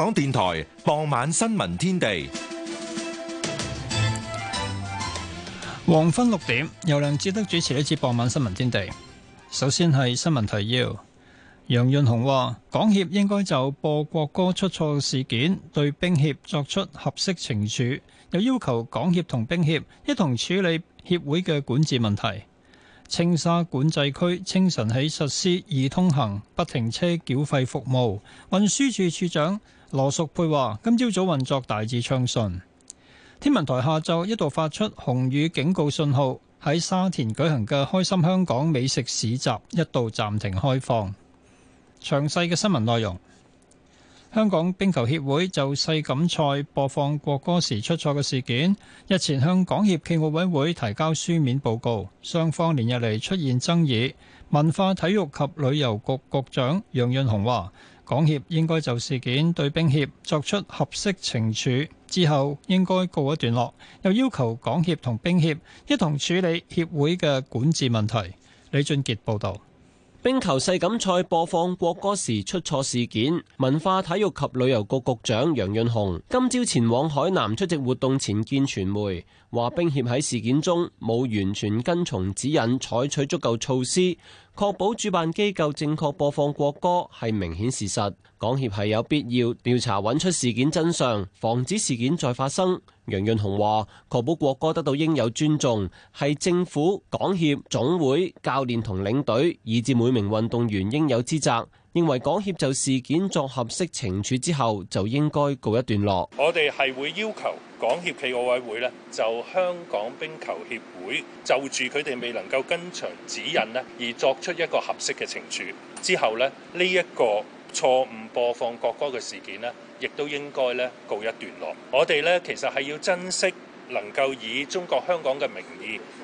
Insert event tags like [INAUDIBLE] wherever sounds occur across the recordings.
港電台傍晚新聞天地，黃昏六點由梁志德主持一節傍晚新聞天地。首先係新聞提要：楊潤雄話，港協應該就播國歌出錯事件對冰協作出合適懲處，又要求港協同冰協一同處理協會嘅管治問題。青沙管制區清晨起實施易通行不停車繳費服務，運輸署署長。羅淑佩話：今朝早運作大致暢順。天文台下晝一度發出紅雨警告信號，喺沙田舉行嘅開心香港美食市集一度暫停開放。詳細嘅新聞內容，香港冰球協會就世錦賽播放國歌時出錯嘅事件，日前向港協暨奧委會提交書面報告。雙方連日嚟出現爭議。文化體育及旅遊局局局長楊潤雄話。港協應該就事件對兵協作出合適懲處之後，應該告一段落。又要求港協同兵協一同處理協會嘅管治問題。李俊傑報導。冰球世錦賽播放國歌時出錯事件，文化體育及旅遊局，局局長楊潤雄今朝前往海南出席活動前見傳媒。話冰協喺事件中冇完全跟從指引，採取足夠措施，確保主辦機構正確播放國歌，係明顯事實。港協係有必要調查，揾出事件真相，防止事件再發生。楊潤雄話，確保國歌得到應有尊重，係政府、港協總會、教練同領隊，以至每名運動員應有之責。認為港協就事件作合適懲處之後就應該告一段落。我哋係會要求港協暨奧委會呢，就香港冰球協會就住佢哋未能夠跟場指引呢，而作出一個合適嘅懲處之後呢，呢、這、一個錯誤播放國歌嘅事件呢，亦都應該呢告一段落。我哋呢，其實係要珍惜能夠以中國香港嘅名義，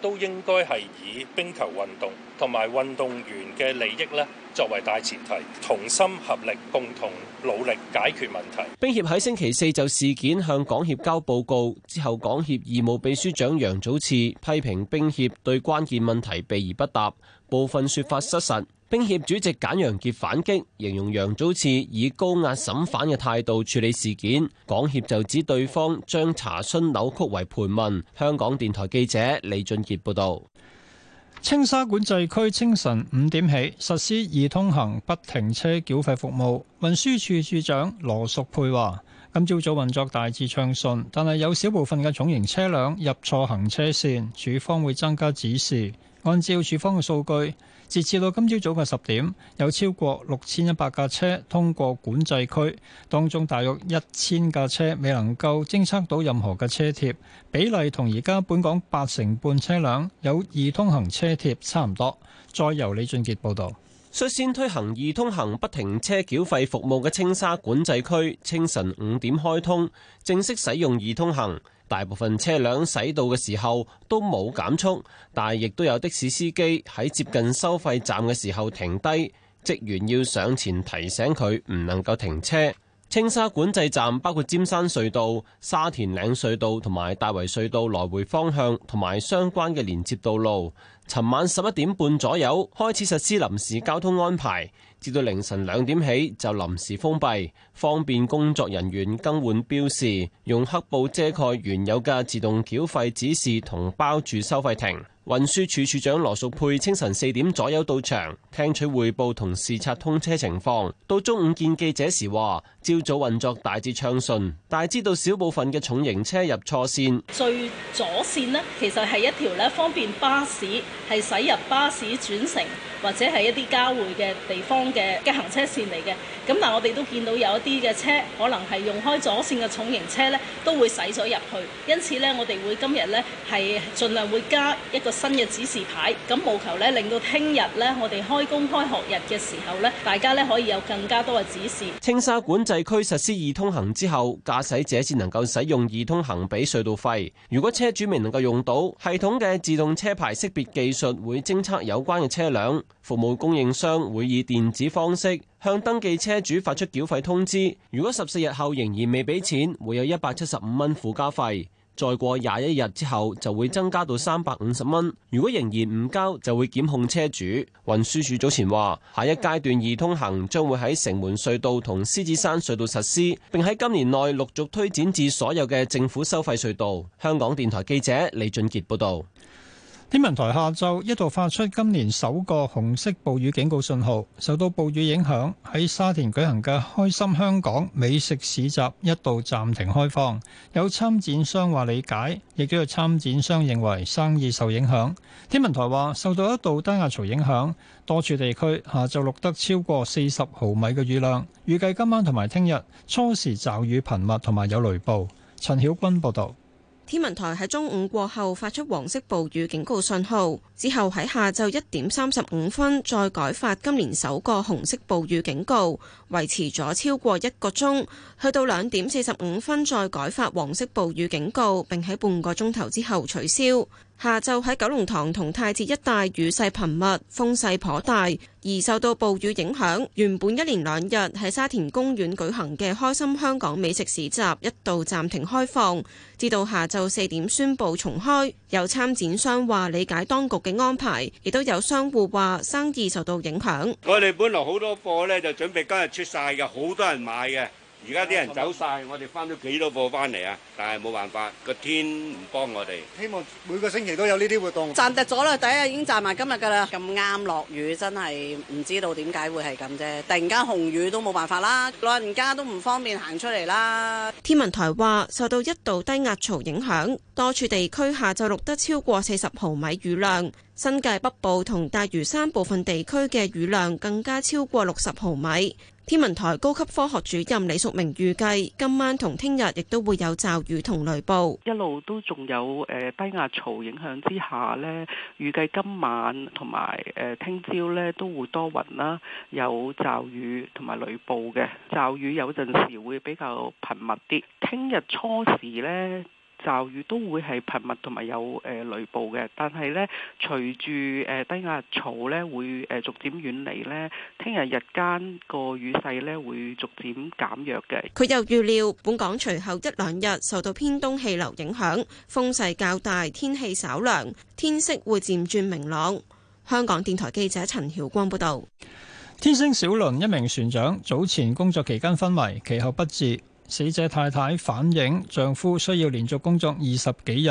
都應該係以冰球運動同埋運動員嘅利益咧作為大前提，同心合力，共同努力解決問題。冰協喺星期四就事件向港協交報告之後，港協義務秘書長楊祖賜批評冰協對關鍵問題避而不答，部分說法失實。冰協主席簡楊杰反擊，形容楊祖賜以高壓審犯嘅態度處理事件。港協就指對方將查詢扭曲為盤問。香港電台記者李俊杰報道：青沙管制區清晨五點起實施易通行不停車繳費服務。運輸署署長羅淑佩話：今朝早運作大致暢順，但係有少部分嘅重型車輛入錯行車線，署方會增加指示。按照署方嘅數據。截至到今朝早嘅十點，有超過六千一百架車通過管制區，當中大約一千架車未能夠偵測到任何嘅車貼，比例同而家本港八成半車輛有易通行車貼差唔多。再由李俊杰報道，率先推行易通行不停車繳費服務嘅青沙管制區，清晨五點開通，正式使用易通行。大部分車輛駛到嘅時候都冇減速，但係亦都有的士司機喺接近收費站嘅時候停低，職員要上前提醒佢唔能夠停車。青沙管制站包括尖山隧道、沙田嶺隧道同埋大圍隧道來回方向同埋相關嘅連接道路，尋晚十一點半左右開始實施臨時交通安排。至到凌晨兩點起就臨時封閉，方便工作人員更換標示，用黑布遮蓋原有嘅自動繳費指示同包住收費亭。運輸署署，署長羅淑佩清晨四點左右到場，聽取匯報同視察通車情況。到中午見記者時話。朝早運作大致暢順，大知道小部分嘅重型車入錯線。最左線呢，其實係一條呢方便巴士係駛入巴士轉乘或者係一啲交匯嘅地方嘅嘅行車線嚟嘅。咁但係我哋都見到有一啲嘅車可能係用開左線嘅重型車呢，都會駛咗入去。因此呢，我哋會今日呢係盡量會加一個新嘅指示牌。咁務求呢，令到聽日呢我哋開工開學日嘅時候呢，大家呢可以有更加多嘅指示。青沙管制。地區實施易通行之後，駕駛者先能夠使用易通行俾隧道費。如果車主未能夠用到，系統嘅自動車牌識別技術，會偵測有關嘅車輛，服務供應商會以電子方式向登記車主發出繳費通知。如果十四日後仍然未俾錢，會有一百七十五蚊附加費。再過廿一日之後就會增加到三百五十蚊。如果仍然唔交，就會檢控車主。運輸署早前話，下一階段易通行將會喺城門隧道同獅子山隧道實施，並喺今年內陸續推展至所有嘅政府收費隧道。香港電台記者李俊傑報道。天文台下晝一度發出今年首個紅色暴雨警告信號，受到暴雨影響，喺沙田舉行嘅開心香港美食市集一度暫停開放。有參展商話理解，亦都有參展商認為生意受影響。天文台話，受到一道低壓槽影響，多處地區下晝錄得超過四十毫米嘅雨量。預計今晚同埋聽日初時驟雨頻密，同埋有雷暴。陳曉君報道。天文台喺中午過後發出黃色暴雨警告信號，之後喺下晝一點三十五分再改發今年首個紅色暴雨警告，維持咗超過一個鐘，去到兩點四十五分再改發黃色暴雨警告，並喺半個鐘頭之後取消。下晝喺九龍塘同太子一帶雨勢頻密，風勢頗大，而受到暴雨影響，原本一連兩日喺沙田公園舉行嘅《開心香港美食市集》一度暫停開放，至到下晝四點宣布重開。有參展商話理解當局嘅安排，亦都有商戶話生意受到影響。我哋本來好多貨呢，就準備今日出晒嘅，好多人買嘅。而家啲人走晒，嗯、我哋翻咗幾多貨翻嚟啊！但係冇辦法，個天唔幫我哋。希望每個星期都有呢啲活動。賺得咗啦，第一日已經賺埋今日㗎啦。咁啱落雨，真係唔知道點解會係咁啫。突然間紅雨都冇辦法啦，老人家都唔方便行出嚟啦。天文台話，受到一道低壓槽影響，多處地區下晝錄得超過四十毫米雨量，新界北部同大嶼山部分地區嘅雨量更加超過六十毫米。天文台高級科學主任李淑明預計，今晚同聽日亦都會有驟雨同雷暴，一路都仲有誒低壓槽影響之下呢，預計今晚同埋誒聽朝呢都會多雲啦，有驟雨同埋雷暴嘅驟雨有陣時會比較頻密啲，聽日初時呢。驟雨都會係頻密同埋有誒雷暴嘅，但係呢，隨住誒低壓槽咧會誒逐漸遠離呢，聽日日間個雨勢咧會逐漸減弱嘅。佢又預料，本港隨後一兩日受到偏東氣流影響，風勢較大，天氣稍涼，天色會漸轉明朗。香港電台記者陳曉光報道：「天星小輪一名船長早前工作期間昏迷，其後不治。死者太太反映丈夫需要連續工作二十幾日。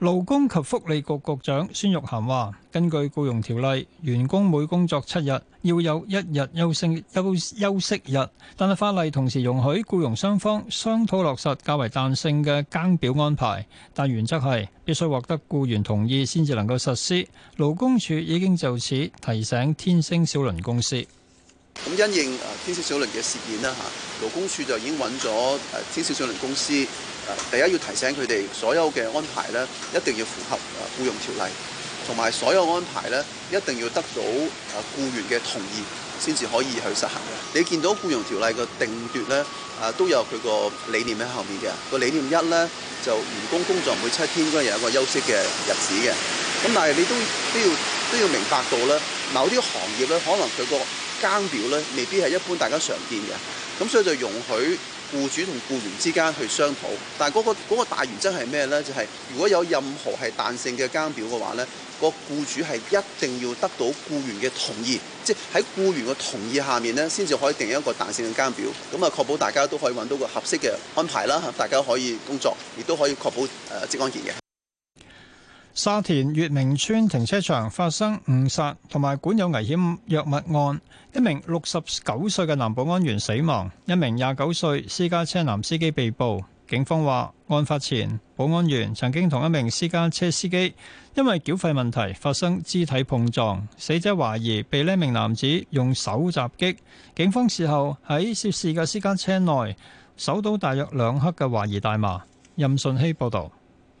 勞工及福利局局長孫玉菡話：根據僱傭條例，員工每工作七日要有一日休息休休息日。但係法例同時容許僱傭雙方商討落實較為彈性嘅更表安排，但原則係必須獲得僱員同意先至能夠實施。勞工處已經就此提醒天星小輪公司。咁因應誒天星小輪嘅事件啦吓，勞工處就已經揾咗誒天星小輪公司誒，第一要提醒佢哋所有嘅安排咧，一定要符合誒僱傭條例，同埋所有安排咧，一定要得到誒僱員嘅同意，先至可以去實行嘅。你見到僱傭條例嘅定奪咧，啊都有佢個理念喺後面嘅。個理念一咧，就員工工作每七天都有一個休息嘅日子嘅。咁但係你都都要都要明白到咧，某啲行業咧可能佢個。間表咧未必係一般大家常見嘅，咁所以就容許僱主同僱員之間去商討。但係、那、嗰、嗰個大原則係咩呢？就係、是、如果有任何係彈性嘅間表嘅話呢、呢個僱主係一定要得到僱員嘅同意，即係喺僱員嘅同意下面呢，先至可以定一個彈性嘅間表。咁啊，確保大家都可以揾到個合適嘅安排啦，大家可以工作，亦都可以確保誒職、呃、安健嘅。沙田月明邨停車場發生誤殺同埋管有危險藥物案，一名六十九歲嘅男保安員死亡，一名廿九歲私家車男司機被捕。警方話，案發前保安員曾經同一名私家車司機因為繳費問題發生肢體碰撞，死者懷疑被呢名男子用手襲擊。警方事後喺涉事嘅私家車內搜到大約兩克嘅懷疑大麻。任順熙報道。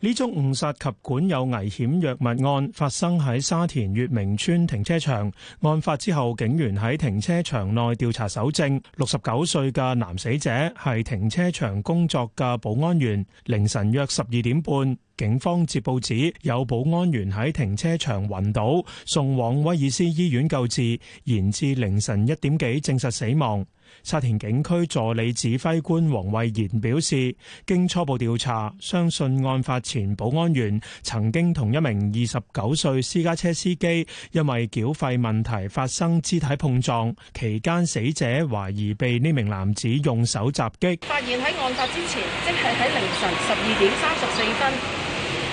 呢宗誤殺及管有危險藥物案發生喺沙田月明村停車場。案發之後，警員喺停車場內調查搜證。六十九歲嘅男死者係停車場工作嘅保安員。凌晨約十二點半，警方接報指有保安員喺停車場暈倒，送往威爾斯醫院救治，延至凌晨一點幾證實死亡。沙田警區助理指揮官黃慧賢表示，經初步調查，相信案發前保安員曾經同一名二十九歲私家車司機因為繳費問題發生肢體碰撞，期間死者懷疑被呢名男子用手襲擊。發現喺案發之前，即係喺凌晨十二點三十四分，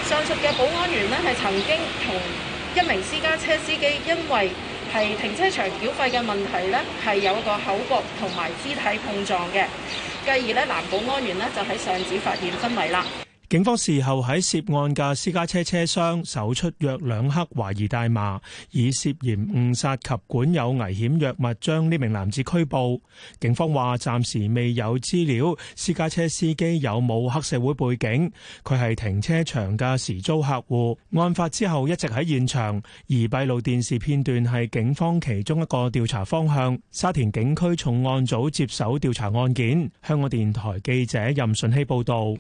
上述嘅保安員呢，係曾經同一名私家車司機因為。係停車場繳費嘅問題咧，係有一個口角同埋肢體碰撞嘅，繼而咧，男保安員咧就喺上址發現昏迷啦。警方事後喺涉案嘅私家車車廂搜出約兩克懷疑大麻，以涉嫌誤殺及管有危險藥物將呢名男子拘捕。警方話暫時未有資料，私家車司機有冇黑社會背景。佢係停車場嘅時租客戶。案發之後一直喺現場，而閉路電視片段係警方其中一個調查方向。沙田警區重案組接手調查案件。香港電台記者任順希報道。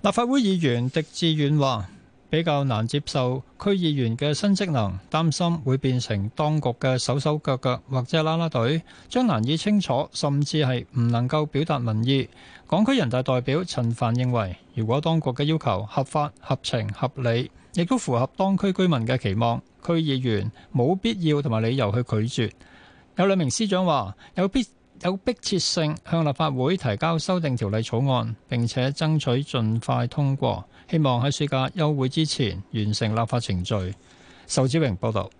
立法會議員狄志遠話：比較難接受區議員嘅新職能，擔心會變成當局嘅手手腳腳或者啦啦隊，將難以清楚，甚至係唔能夠表達民意。港區人大代表陳凡認為，如果當局嘅要求合法、合情、合理，亦都符合當區居民嘅期望，區議員冇必要同埋理由去拒絕。有兩名司長話：有必。有迫切性向立法會提交修訂條例草案，並且爭取盡快通過，希望喺暑假休會之前完成立法程序。仇志榮報導。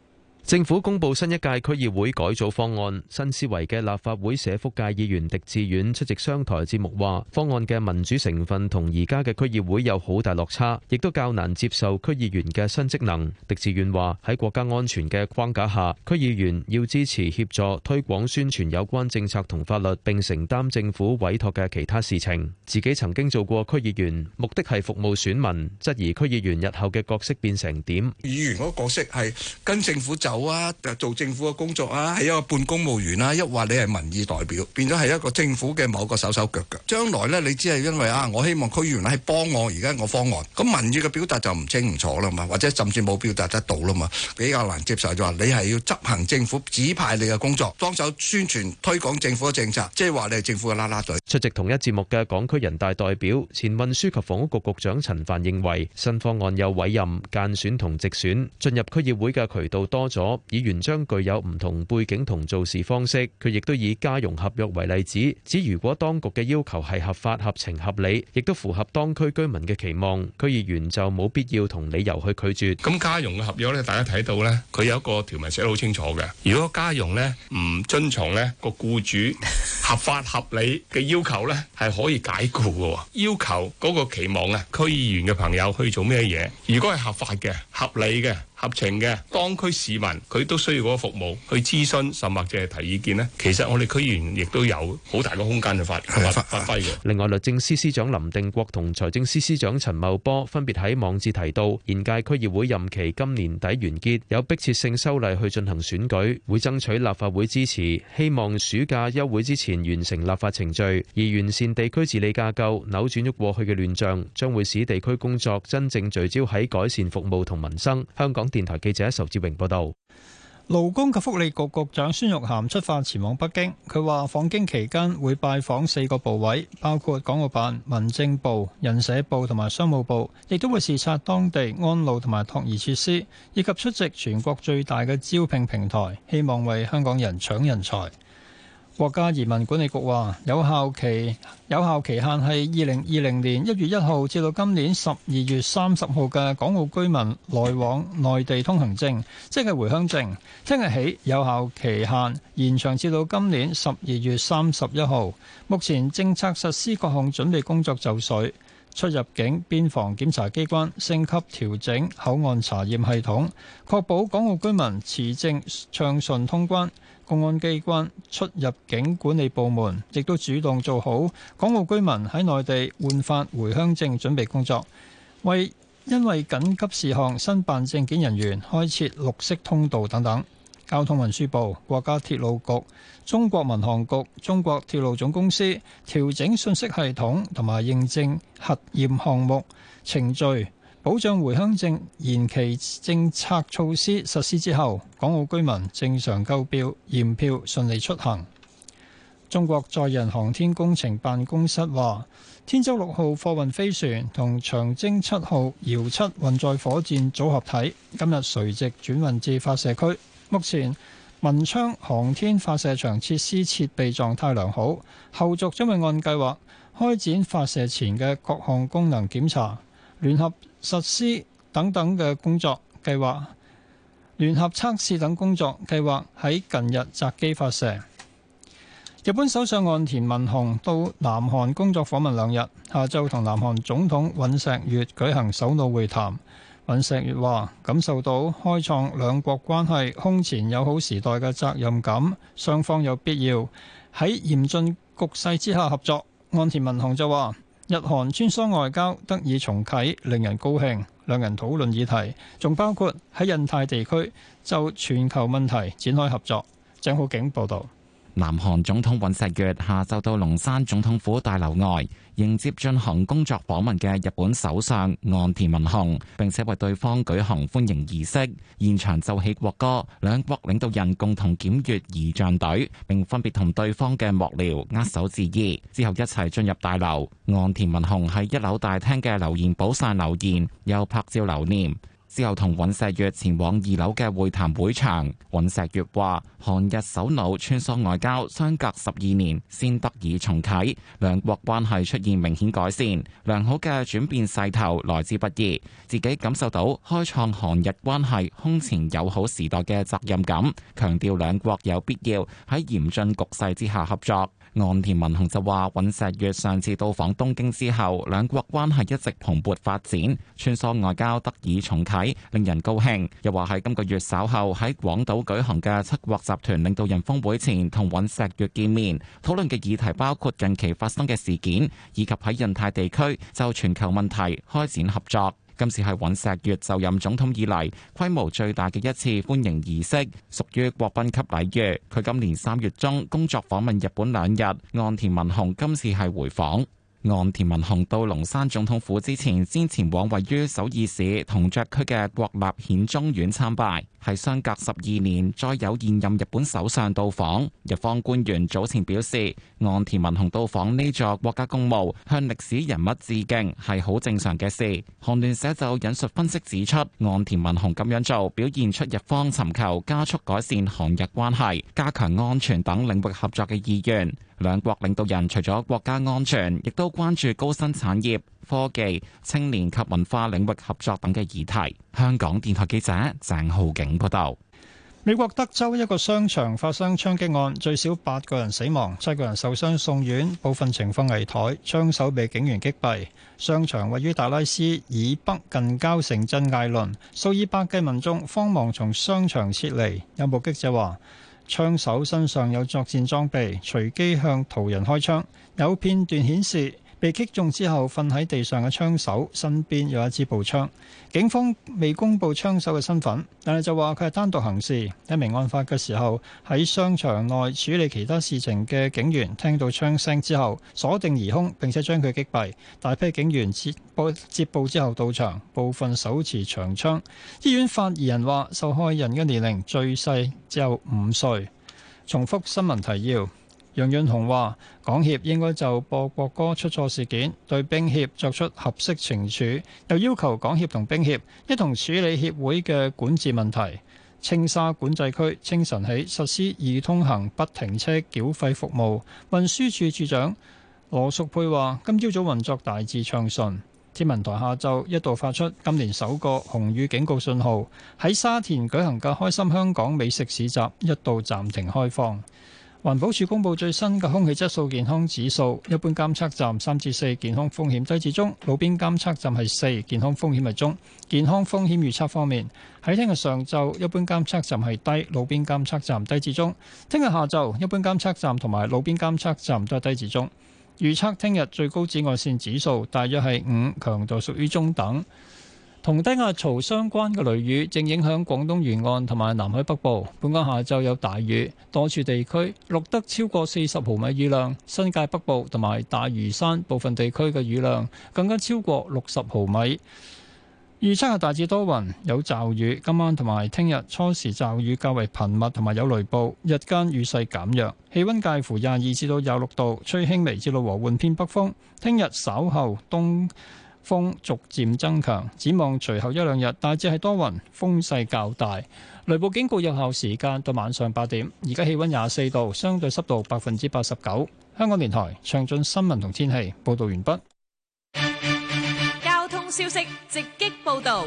政府公布新一屆區議會改組方案，新思維嘅立法會社福界議員狄志遠出席商台節目，話方案嘅民主成分同而家嘅區議會有好大落差，亦都較難接受區議員嘅新職能。狄志遠話喺國家安全嘅框架下，區議員要支持協助、推廣、宣傳有關政策同法律，並承擔政府委託嘅其他事情。自己曾經做過區議員，目的係服務選民，質疑區議員日後嘅角色變成點？議員嗰個角色係跟政府就。好啊，就做政府嘅工作啊，係一個半公務員啦，一話你係民意代表，變咗係一個政府嘅某個手手腳腳。將來呢，你只係因為啊，我希望區議員係幫我而家個方案，咁民意嘅表達就唔清唔楚啦嘛，或者甚至冇表達得到啦嘛，比較難接受就話你係要執行政府指派你嘅工作，幫手宣傳推廣政府嘅政策，即係話你係政府嘅啦啦隊。出席同一節目嘅港區人大代表、前運輸及房屋局局長陳帆認為，新方案有委任、間選同直選，進入區議會嘅渠道多咗。議員將具有唔同背景同做事方式，佢亦都以家傭合約為例子，指如果當局嘅要求係合法、合情、合理，亦都符合當區居民嘅期望，區議員就冇必要同理由去拒絕。咁家傭嘅合約呢，大家睇到呢，佢有一個條文寫得好清楚嘅。如果家傭呢唔遵從呢個僱主合法合理嘅要求呢，係可以解僱嘅。要求嗰個期望啊，區議員嘅朋友去做咩嘢？如果係合法嘅、合理嘅。合情嘅，當區市民佢都需要嗰個服務去諮詢，甚或者係提意見呢。其實我哋區議員亦都有好大個空間去發發揮嘅。另外，律政司司長林定國同財政司司長陳茂波分別喺網誌提到，現屆區議會任期今年底完結，有迫切性修例去進行選舉，會爭取立法會支持，希望暑假休會之前完成立法程序，而完善地區治理架構，扭轉咗過去嘅亂象，將會使地區工作真正聚焦喺改善服務同民生。香港。電台記者仇志榮報道，勞工及福利局局長孫玉菡出發前往北京。佢話訪京期間會拜訪四個部委，包括港澳辦、民政部、人社部同埋商務部，亦都會視察當地安老同埋托兒設施，以及出席全國最大嘅招聘平台，希望為香港人搶人才。國家移民管理局話，有效期，有效期限係二零二零年一月一號至到今年十二月三十號嘅港澳居民來往內地通行證，即係回鄉證，聽日起有效期限延長至到今年十二月三十一號。目前政策實施各項準備工作就緒。出入境邊防檢查機關升級調整口岸查驗系統，確保港澳居民持證暢順通關。公安機關出入境管理部門亦都主動做好港澳居民喺內地換發回鄉證準備工作，為因為緊急事項申辦證件人員開設綠色通道等等。交通運輸部、國家鐵路局、中國民航局、中國鐵路總公司調整信息系統，同埋認證核驗項目程序，保障回鄉證延期政策措施實施之後，港澳居民正常購票驗票順利出行。中國載人航天工程辦公室話：天舟六號貨運飛船同長征七號遙七運載火箭組合體今日垂直轉運至發射區。目前文昌航天發射場設施設備狀態良好，後續將會按計劃開展發射前嘅各項功能檢查、聯合實施等等嘅工作計劃、聯合測試等工作計劃喺近日擇機發射。日本首相岸田文雄到南韓工作訪問兩日，下晝同南韓總統尹錫悅舉行首腦會談。尹錫悅話感受到開創兩國關係空前友好時代嘅責任感，雙方有必要喺嚴峻局勢之下合作。岸田文雄就話：日韓穿梭外交得以重啟，令人高興。兩人討論議題，仲包括喺印太地區就全球問題展開合作。張浩景報導。南韓總統尹錫悅下晝到龍山總統府大樓外迎接進行工作訪問嘅日本首相岸田文雄，並且為對方舉行歡迎儀式，現場奏起國歌，兩國領導人共同檢閱儀仗隊，並分別同對方嘅幕僚握手致意，之後一齊進入大樓。岸田文雄喺一樓大廳嘅留言簿上留言，又拍照留念。之後同尹錫悅前往二樓嘅會談會場。尹錫悅話：韓日首腦穿梭外交，相隔十二年先得以重啟，兩國關係出現明顯改善，良好嘅轉變勢頭來之不易。自己感受到開創韓日關係空前友好時代嘅責任感，強調兩國有必要喺嚴峻局勢之下合作。岸田文雄就話尹錫悅上次到訪東京之後兩國關係一直蓬勃發展，穿梭外交得以重啟，令人高興，又話，係今個月稍後喺廣島舉行嘅七國集團領導人峰會前，同尹錫悅見面，討論嘅議題包括近期發生嘅事件，以及喺印太地區就全球問題開展合作。今次係尹錫悅就任總統以嚟規模最大嘅一次歡迎儀式，屬於國賓級禮遇。佢今年三月中工作訪問日本兩日，岸田文雄今次係回訪。岸田文雄到龍山總統府之前，先前往位於首爾市銅雀區嘅國立顯忠院參拜。係相隔十二年再有現任日本首相到訪，日方官員早前表示，岸田文雄到訪呢座國家公墓，向歷史人物致敬係好正常嘅事。韓聯社就引述分析指出，岸田文雄咁樣做，表現出日方尋求加速改善韓日關係、加強安全等領域合作嘅意願。兩國領導人除咗國家安全，亦都關注高新產業。科技、青年及文化領域合作等嘅議題，香港電台記者鄭浩景報道：美國德州一個商場發生槍擊案，最少八個人死亡，七個人受傷送院，部分情況危殆，槍手被警員擊斃，商場位於達拉斯以北近郊城鎮艾倫，數以百計民眾慌忙從商場撤離，有目擊者話，槍手身上有作戰裝備，隨機向途人開槍，有片段顯示。被擊中之後瞓喺地上嘅槍手身邊有一支步槍，警方未公布槍手嘅身份，但係就話佢係單獨行事。一名案發嘅時候喺商場內處理其他事情嘅警員聽到槍聲之後鎖定疑兇並且將佢擊斃。大批警員接報接報之後到場，部分手持長槍。醫院發言人話受害人嘅年齡最細只有五歲。重複新聞提要。楊潤雄話：港協應該就播國歌出錯事件對冰協作出合適懲處，又要求港協同冰協一同處理協會嘅管治問題。青沙管制區清晨起實施易通行不停車繳費服務。運輸署署長羅淑佩話：今朝早運作大致暢順。天文台下晝一度發出今年首個紅雨警告信號。喺沙田舉行嘅開心香港美食市集一度暫停開放。環保署公布最新嘅空氣質素健康指數，一般監測站三至四，健康風險低至中；路邊監測站係四，健康風險係中。健康風險預測方面，喺聽日上晝，一般監測站係低，路邊監測站低至中；聽日下晝，一般監測站同埋路邊監測站都係低至中。預測聽日最高紫外線指數大約係五，強度屬於中等。同低壓槽相關嘅雷雨正影響廣東沿岸同埋南海北部，本港下晝有大雨，多處地區錄得超過四十毫米雨量，新界北部同埋大嶼山部分地區嘅雨量更加超過六十毫米。預測係大致多雲，有驟雨，今晚同埋聽日初時驟雨較為頻密同埋有雷暴，日間雨勢減弱，氣温介乎廿二至到廿六度，吹輕微至到和緩偏北風。聽日稍後東風逐漸增強，展望隨後一兩日大致係多雲，風勢較大。雷暴警告有效時間到晚上八點。而家氣溫廿四度，相對濕度百分之八十九。香港電台詳盡新聞同天氣報道完畢。交通消息直擊報道。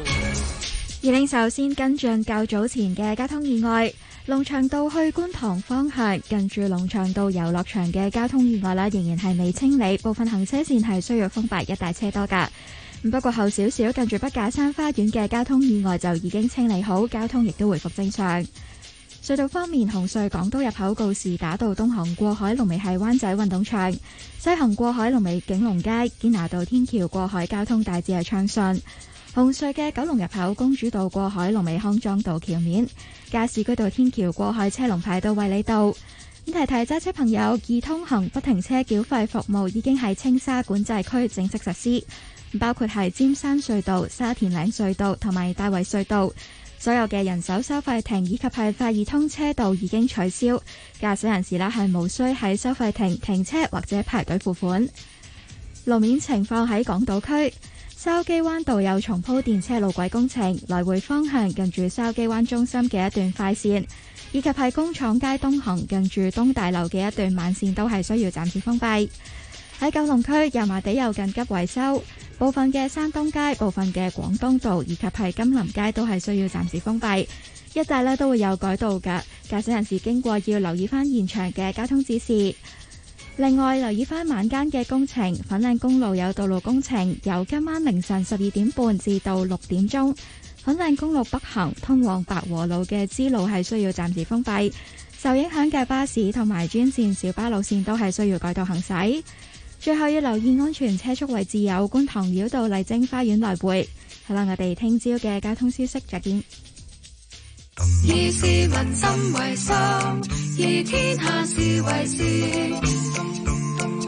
而家首先跟進較早前嘅交通意外。龍翔道去觀塘方向，近住龍翔道遊樂場嘅交通意外啦，仍然係未清理，部分行車線係需要封閉，一帶車多噶。不過後少少，近住北架山花園嘅交通意外就已經清理好，交通亦都回復正常。隧道方面，紅隧港島入口告示打到東行過海龍尾係灣仔運動場，西行過海龍尾景隆街堅拿道天橋，過海交通大致係暢順。紅隧嘅九龍入口公主道過海龍尾康莊道橋面、加士居道天橋過海車龍排到衛理道。咁提提揸車朋友，易通行不停車繳費服務已經喺青沙管制區正式實施，包括係尖山隧道、沙田嶺隧道同埋大圍隧道，所有嘅人手收費亭以及係快易通車道已經取消，駕駛人士啦係無需喺收費亭停車或者排隊付款。路面情況喺港島區。筲箕灣道有重鋪電車路軌工程，來回方向近住筲箕灣中心嘅一段快線，以及係工廠街東行近住東大樓嘅一段慢線都係需要暫時封閉。喺九龍區油麻地有緊急維修，部分嘅山東街、部分嘅廣東道以及係金林街都係需要暫時封閉，一帶呢都會有改道㗎，駕駛人士經過要留意返現場嘅交通指示。另外留意翻晚間嘅工程，粉嶺公路有道路工程，由今晚凌晨十二點半至到六點鐘，粉嶺公路北行通往白和路嘅支路係需要暫時封閉，受影響嘅巴士同埋專線小巴路線都係需要改道行駛。最後要留意安全車速位置有觀塘繞道麗晶花園來回。好啦，我哋聽朝嘅交通消息，再見。以市民心為心，以天下事為事。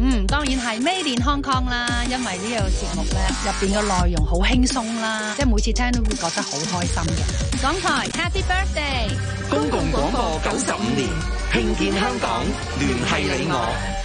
嗯，當然係 Made in Hong Kong 啦，因為呢個節目咧入邊嘅內容好輕鬆啦，即係每次聽都會覺得好開心嘅。港台 Happy Birthday，公共廣播九十五年，年慶建香港，聯繫你我。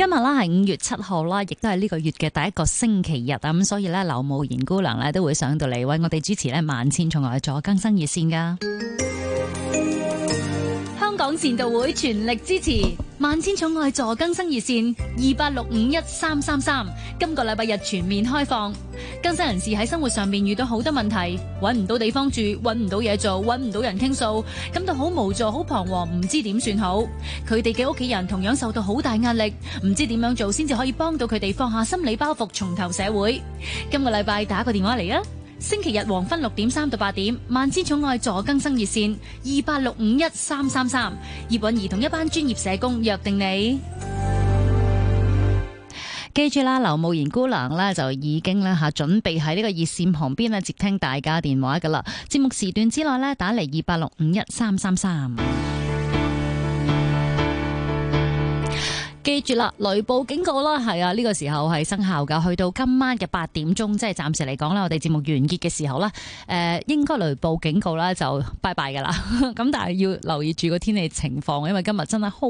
今日啦係五月七號啦，亦都係呢個月嘅第一個星期日啊，咁所以咧，劉慕賢姑娘咧都會上到嚟為我哋主持咧萬千寵愛助更生熱線噶。港善道會全力支持萬千寵愛助更生熱線二八六五一三三三，今個禮拜日全面開放。更生人士喺生活上面遇到好多問題，搵唔到地方住，搵唔到嘢做，搵唔到人傾訴，感到好無助、好彷徨，唔知點算好。佢哋嘅屋企人同樣受到好大壓力，唔知點樣做先至可以幫到佢哋放下心理包袱，重投社會。今個禮拜打個電話嚟啊！星期日黃昏六點三到八點，萬千寵愛助更生熱線二八六五一三三三，葉韻兒同一班專業社工約定你。記住啦，劉慕賢姑娘呢，就已經咧吓準備喺呢個熱線旁邊啊接聽大家電話噶啦，節目時段之內呢，打嚟二八六五一三三三。記住啦，雷暴警告啦，係啊，呢、這個時候係生效㗎，去到今晚嘅八點鐘，即係暫時嚟講啦，我哋節目完結嘅時候啦，誒、呃，應該雷暴警告啦，就拜拜㗎啦，咁 [LAUGHS] 但係要留意住個天氣情況，因為今日真係好。